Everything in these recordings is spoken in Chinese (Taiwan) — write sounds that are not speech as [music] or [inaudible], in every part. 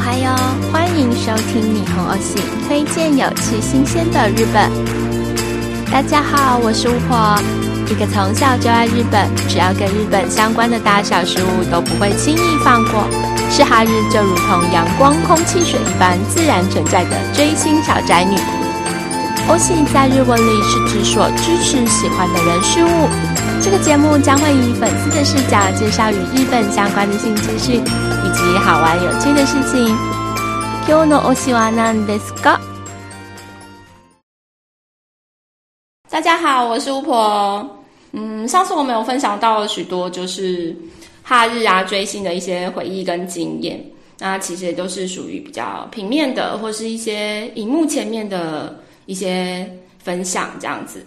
嗨喲，歡迎收聽《霓虹歐系》，推薦有趣新鮮的日本。大家好，我是巫婆，一個從小就愛日本，只要跟日本相關的大小事物都不會輕易放過。是哈日就如同陽光、空氣、水一般自然存在的追星小宅女。歐系在日文裡是指所支持、喜歡的人事物。這個節目將會以粉絲的視角介紹與日本相關的新資訊。以及好玩有趣的事情。今日のお仕は何ですか？大家好，我是巫婆。嗯，上次我們有分享到了許多就是哈日啊追星的一些回憶跟經驗，那其實也都是屬於比較平面的，或是一些螢幕前面的一些分享這樣子。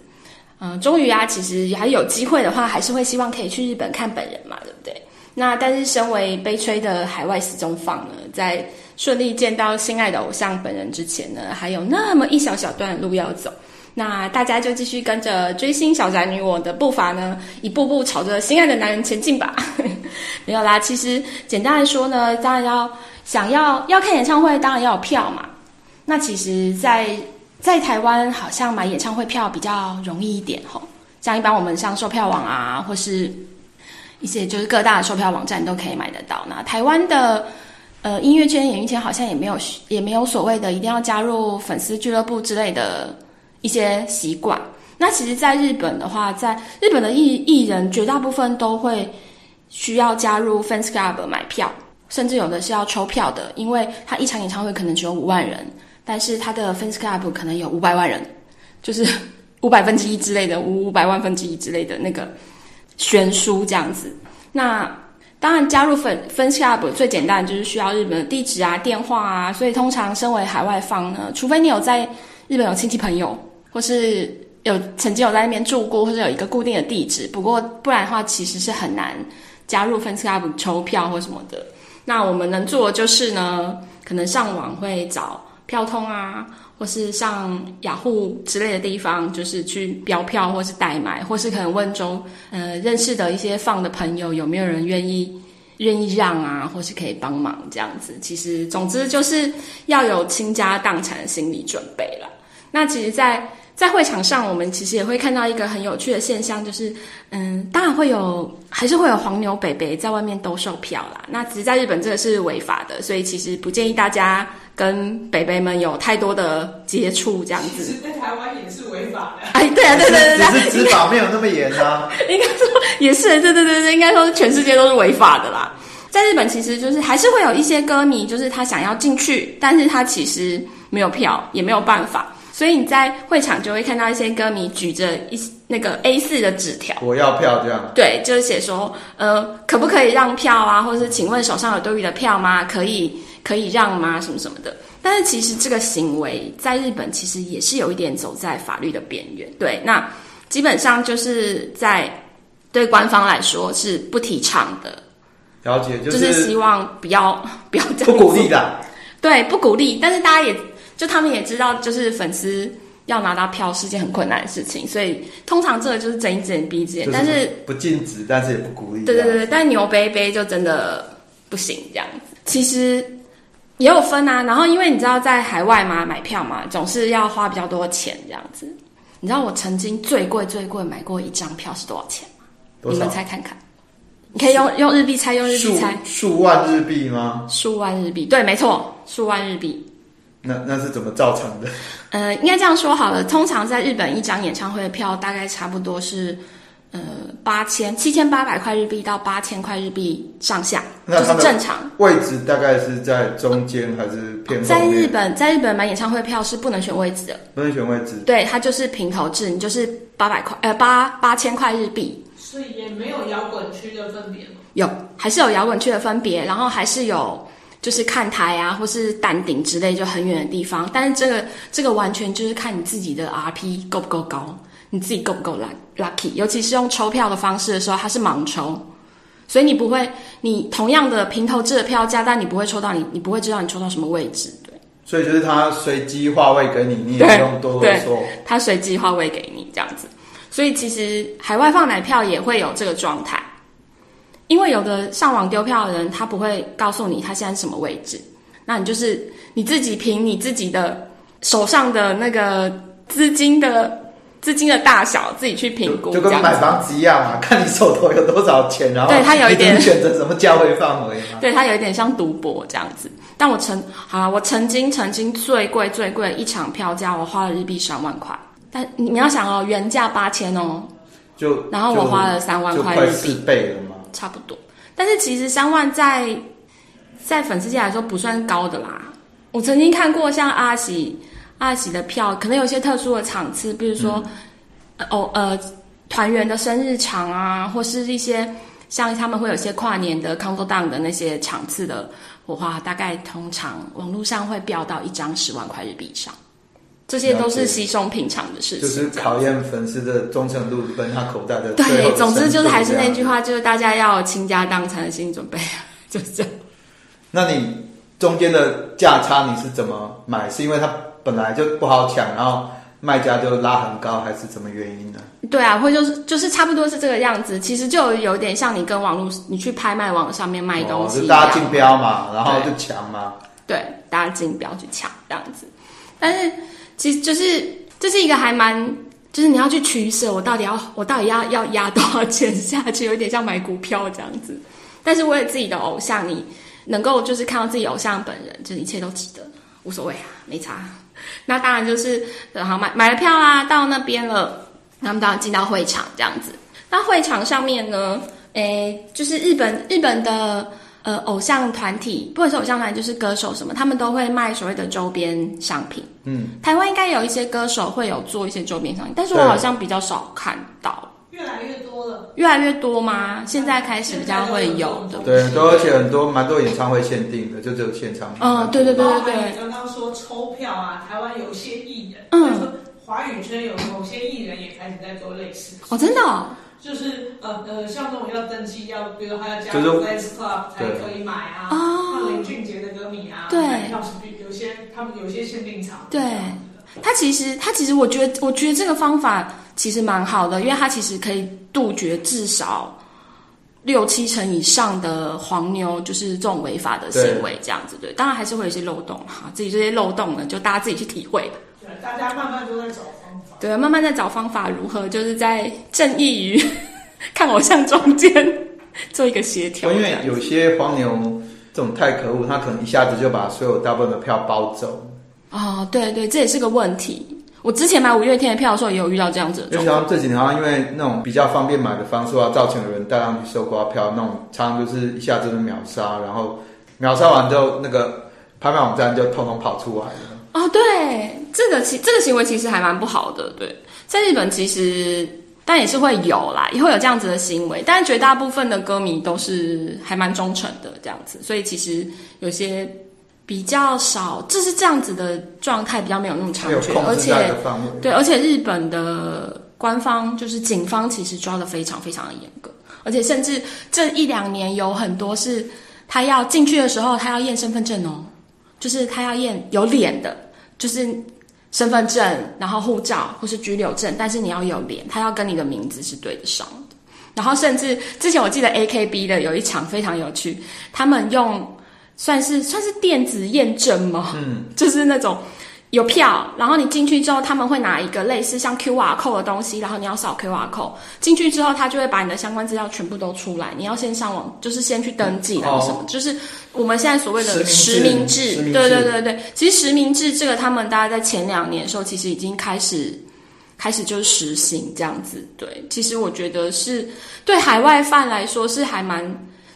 嗯，終於啊，其實還有機會的話，還是會希望可以去日本看本人嘛，對不對？那但是，身為悲催的海外死忠粉呢，在順利見到心愛的偶像本人之前呢，還有那麼一小小段路要走。那大家就繼續跟着追星小宅女我的步伐呢，一步步朝着心愛的男人前進吧。 [laughs] 沒有啦，其實簡單來說呢，當然要想要要看演唱會，當然要有票嘛。那其實在，在在台灣好像買演唱會票比較容易一點吼，像一般我們上售票網啊，或是。一些就是各大的售票網站都可以買得到。那台灣的，呃，音樂圈、演藝圈好像也沒有也沒有所謂的一定要加入粉絲俱樂部之類的一些習慣。那其實，在日本的話，在日本的藝藝人絕大部分都會需要加入 fans club 買票，甚至有的是要抽票的，因為他一場演唱會可能只有五萬人，但是他的 fans club 可能有五百萬人，就是五百分之一之類的，五五百萬分之一之類的那個。懸殊這樣子，那當然加入粉分絲 UP 最簡單就是需要日本的地址啊、電話啊，所以通常身為海外方呢，除非你有在日本有親戚朋友，或是有曾經有在那邊住過，或者有一個固定的地址，不過不然的話其實是很難加入粉絲 UP 抽票或什麼的。那我們能做的就是呢，可能上網會找票通啊。或是上雅虎、ah、之類的地方，就是去標票，或是代買，或是可能問中，呃，認識的一些放的朋友有沒有人願意願意讓啊，或是可以幫忙這樣子。其實，總之就是要有傾家蕩產的心理準備了。那其實，在。在會場上，我們其實也會看到一個很有趣的現象，就是，嗯，當然會有，還是會有黃牛北北在外面兜售票啦。那其實在日本，這個是違法的，所以其實不建議大家跟北北們有太多的接觸，這樣子。其實在台灣也是違法的。哎，對啊，對啊，對啊，對啊。只是執法沒有那麼嚴啊。應該，應該說也是，對對對，應該說全世界都是違法的啦。在日本，其實就是還是會有一些歌迷，就是他想要進去，但是他其實沒有票，也沒有辦法。所以你在會場就會看到一些歌迷舉着一那個 A4 的紙條，我要票這樣。對，就是寫說，呃，可不可以讓票啊，或者是請問手上有多餘的票嗎？可以可以讓嗎？什麼什麼的。但是其實這個行為在日本其實也是有一點走在法律的邊緣。對，那基本上就是在對官方來說是不提倡的。了解，就是、就是希望不要不要這樣子不鼓勵的、啊。對，不鼓勵。但是大家也。就他們也知道，就是粉絲要拿到票是件很困難的事情，所以通常這個就是睜一只眼閉一只眼，但是不禁止，但是，但是也不鼓勵。對對對，但牛背背就真的不行這樣子。嗯，其實也有分啊，然後因為你知道在海外嘛，買票嘛總是要花比較多錢這樣子。你知道我曾經最貴最貴買過一張票是多少錢嗎？多少？你們猜看看，數你可以用用日幣猜，用日幣猜數萬日幣嗎？數萬日幣，對，沒錯，數萬日幣。那那是怎麼造成的？呃，應該這樣說好了。通常在日本，一張演唱會的票大概差不多是，呃，八千七千八百塊日幣到八千塊日幣上下，就是正常。位置大概是在中間、呃、還是偏後？在日本，在日本買演唱會票是不能選位置的，不能選位置。對，它就是平頭制，你就是八百塊，呃，八八千塊日幣。所以也沒有搖滾區的分別嗎？有，還是有搖滾區的分別，然後還是有。就是看台啊，或是山頂之類，就很遠的地方，但是這個這個完全就是看你自己的 RP 夠不夠高，你自己夠不夠 lucky，尤其是用抽票的方式的時候，它是盲抽，所以你不會，你同樣的平頭制的票價，但你不會抽到你，你不會知道你抽到什麼位置，對。所以就是它隨機劃位給你，你也不用多說。它隨機劃位給你這樣子，所以其實海外放奶票也會有這個狀態。因為有的上網丟票的人，他不會告訴你他現在什麼位置，那你就是你自己憑你自己的手上的那個資金的，資金的大小自己去評估就，就跟買房子一樣嘛、啊，看你手頭有多少錢，然後對他有一點你選擇什麼價位範圍，對他有一點像賭博這樣子。但我曾好了，我曾經曾經最貴最貴一場票價，我花了日幣三萬塊，但你要想哦、喔，原價八千哦，就然後我花了三萬塊日幣，四倍了嘛？差不多，但是其實三萬在在粉絲界來說不算高的啦。我曾經看過像阿喜阿喜的票，可能有些特殊的場次，比如說、嗯、哦呃團員的生日場啊，或是一些像他們會有些跨年的 countdown 的那些場次的火花，我話大概通常網絡上會飆到一張十萬塊日幣以上。這些都是稀鬆平常的事情，就是考驗粉絲的忠誠度跟他口袋的、的。對，總之就是還是那句話，就是大家要傾家蕩產的心理準備，就是這樣。那你中間的價差你是怎麼買？是因為它本來就不好搶，然後賣家就拉很高，還是怎麼原因呢？對啊，或就是就是差不多是這個樣子。其實就有、有點像你跟網絡，你去拍賣網上面賣東西，是大家競標嘛，然後就搶嘛對。對，大家競標去搶這樣子，但是。其實就是這、就是一個還蠻，就是你要去取舍，我到底要我到底要要壓多少錢下去，有點像買股票這樣子。但是為了自己的偶像，你能夠就是看到自己偶像本人，就一切都值得，無所謂啊，沒差。那當然就是，然後買買了票啊，到那邊了，他們當然進到會場這樣子。那會場上面呢，誒，就是日本日本的。呃，偶像團體，不管是偶像團就是歌手什麼，他們都會賣所謂的周邊商品。嗯，台灣應該有一些歌手會有做一些周邊商品，但是我好像比較少看到。對，越來越多了。越來越多嗎？現在開始比較會有的。有很多對，多，而且很多蠻多演唱會限定的，就只有現場蠻蠻。嗯，對對對對對。剛剛說抽票啊，台灣有些藝人，嗯，華語圈有某些藝人也開始在做類似哦，真的哦？就是呃、呃、像這種要登記，要比如還要加粉絲 club 才可以買啊，哦對。林俊杰的歌迷啊，對。是有些他們有些限定場。對，他其實他其實我覺得我覺得這個方法其實蠻好的，因為他其實可以杜絕至少六七成以上的黃牛，就是這種違法的行為這樣子。對，對，當然還是會有一些漏洞哈，自己這些漏洞呢，就大家自己去體會吧。對。大家慢慢都在走。對，慢慢在找方法，如何就是在正義與看偶像中間做一個協調。因為有些黃牛這種太可惡，他可能一下子就把所有大部分的票包走。哦，對對，這也是個問題。我之前買五月天的票的時候，也有遇到這樣子的。就像這幾年，因為那種比較方便買的方式啊，造成的人帶上去收颳票，那種常常就是一下子就秒殺，然後秒殺完之後，那個拍賣網站就通通跑出來了。哦，對，這個其這個行為其實還蠻不好的，對，在日本其實但也是會有啦，也會有這樣子的行為，但絕大部分的歌迷都是還蠻忠誠的這樣子，所以其實有些比較少，就是這樣子的狀態，比較沒有那麼猖獗，沒有的方而且對，而且日本的官方就是警方，其實抓得非常非常的嚴格，而且甚至這一兩年有很多是，他要進去的時候，他要驗身份證哦。就是他要驗有臉的，就是身份證，然後護照或是居留證，但是你要有臉，他要跟你的名字是對得上的。然後甚至之前我記得 AKB 的有一場非常有趣，他們用算是算是電子驗證嗎？嗯，就是那種。有票，然後你進去之後，他們會拿一個類似像 Q R 扣的東西，然後你要掃 Q R 扣進去之後，他就會把你的相關資料全部都出來。你要先上網，就是先去登記然後什麼？好就是我們現在所謂的實名制。對，制，對對對。其實，實名制這個，他們大概在前兩年時候其實已經開始，開始就實行這樣子。對，其實我覺得是對海外犯來說是還蠻。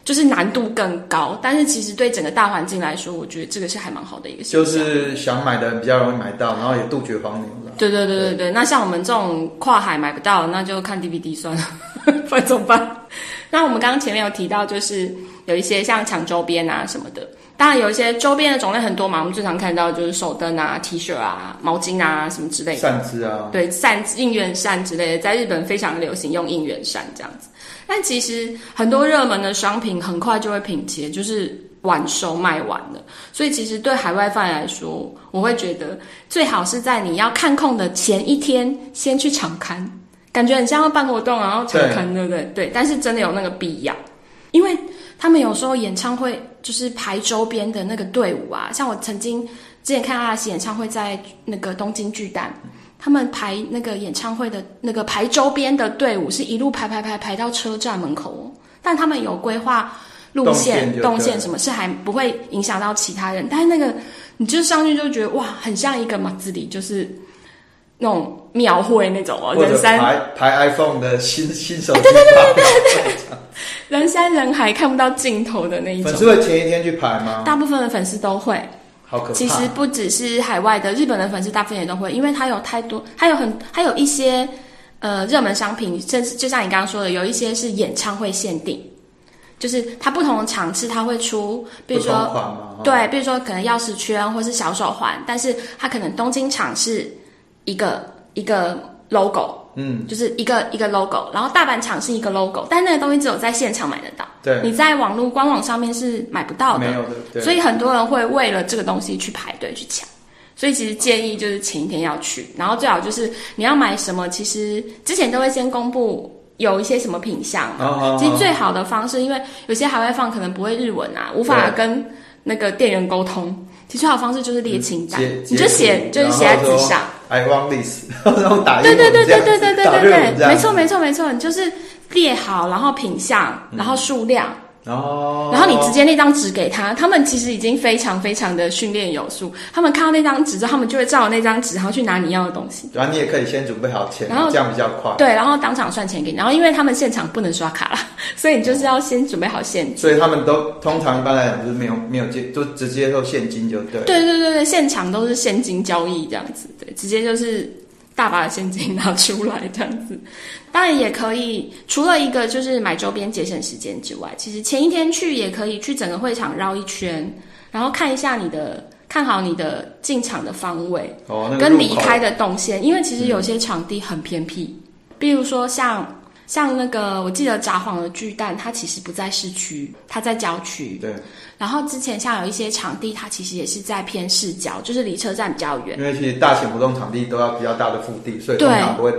就是難度更高，但是其實對整個大環境來說，我覺得這個是還蠻好的一個現象。就是想買的人比較容易買到，然後也杜絕黃牛了。對對對對對。對那像我們這種跨海買不到，那就看 DVD 算了呵呵，不然怎麼辦？ [laughs] 那我們剛剛前面有提到，就是有一些像搶周邊啊什麼的，當然有一些周邊的種類很多嘛。我們最常看到就是手燈啊、T 恤啊、毛巾啊什麼之類的扇子啊，對，扇子、應援扇之類的，在日本非常流行，用應援扇這樣子。但其實很多熱門的商品很快就會品切，就是晚收賣完了。所以其實對海外粉來說，我會覺得最好是在你要看空的前一天先去搶刊，感覺很像要辦活動然後搶刊，對不對？對。但是真的有那個必要，因為他們有時候演唱會就是排周邊的那個隊伍啊，像我曾經之前看阿拉西演唱會在那個東京巨蛋。他們排那個演唱會的，那個排周邊的隊伍是一路排排排排到車站門口，但他們有規劃路線、動、動線，什麼是還不會影響到其他人。但是那個你就上去就覺得哇，很像一個嘛，這裡就是那種廟會那種哦，排人山排 iPhone 的新新手機、哎，對對對對對對， [laughs] 人山人海看不到盡頭的那一種。粉絲會前一天去排嗎？大部分的粉絲都會。好啊、其實不只是海外的，日本的粉絲大部分也都會，因為它有太多，還有很，還有一些，呃，熱門商品，甚至就像你剛剛說的，有一些是演唱會限定，就是它不同的場次它會出，比如說，啊、對，比如說可能鑰匙圈或是小手環，但是它可能東京場是一個一個 logo，嗯，就是一個一個 logo，然後大阪場是一個 logo，但那個東西只有在現場買得到。對你在網絡官網上面是買不到的，沒有的。對對所以很多人會為了這個東西去排隊去搶。所以其實建議就是前一天要去，然後最好就是你要買什麼，其實之前都會先公布有一些什麼品項、啊。哦。Oh, oh, oh, oh, 其實最好的方式，因為有些海外放可能不會日文啊，無法跟那個店員溝通。對其實最好的方式就是列清單，你就寫，就是寫在紙上。I want this。然後打印。對對對對對對對對對，沒錯沒錯沒錯，你就是。列好，然後品項，然後數量，嗯、然後然後你直接那張紙給他，他們其實已經非常非常的訓練有素，他們看到那張紙之後，他們就會照着那張紙，然後去拿你要的東西。對，然後你也可以先準備好錢，然後這樣比較快。對，然後當場算錢給你，然後因為他們現場不能刷卡了，所以你就是要先準備好現金。所以他們都通常一般來講就是沒有沒有借，就直接都現金就對。對對對對，現場都是現金交易這樣子，對，直接就是。大把的現金拿出來，這樣子，當然也可以。除了一個就是買周邊節省時間之外，其實前一天去也可以去整個會場繞一圈，然後看一下你的，看好你的進場的方位，哦那個，入口，跟離開的動線，因為其實有些場地很偏僻，嗯、比如說像。像那個，我記得札幌的巨蛋，它其實不在市區，它在郊區。對。然後之前像有一些場地，它其實也是在偏市郊，就是離車站比較遠。因為其實大型活動場地都要比較大的腹地，所以通常不會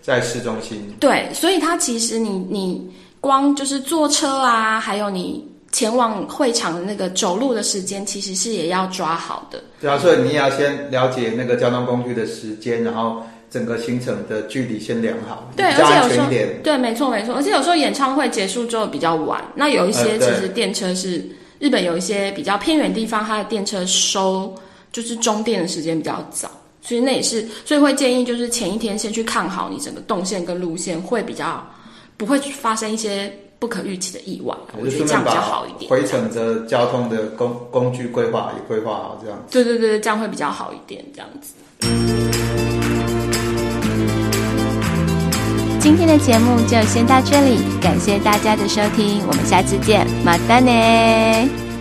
在市中心。對。對，所以它其實你你光就是坐車啊，還有你前往會場的那個走路的時間，其實是也要抓好的。對啊，所以你也要先了解那個交通工具的時間，然後。整個行程的距離先量好，對，而且有時候，安全一點。對，沒錯沒錯。而且有時候演唱會結束之後比較晚，那有一些其實電車是、呃、日本有一些比較偏遠地方，它的電車收就是終電的時間比較早，所以那也是，所以會建議就是前一天先去看好你整個動線跟路線，會比較不會發生一些不可預期的意外，我覺得這樣比較好一點。回程的交通的工工具規劃也規劃好，這樣。對對對，這樣會比較好一點，這樣子。今天的節目就先到這裡，感謝大家的收聽，我們下次見，馬丹呢。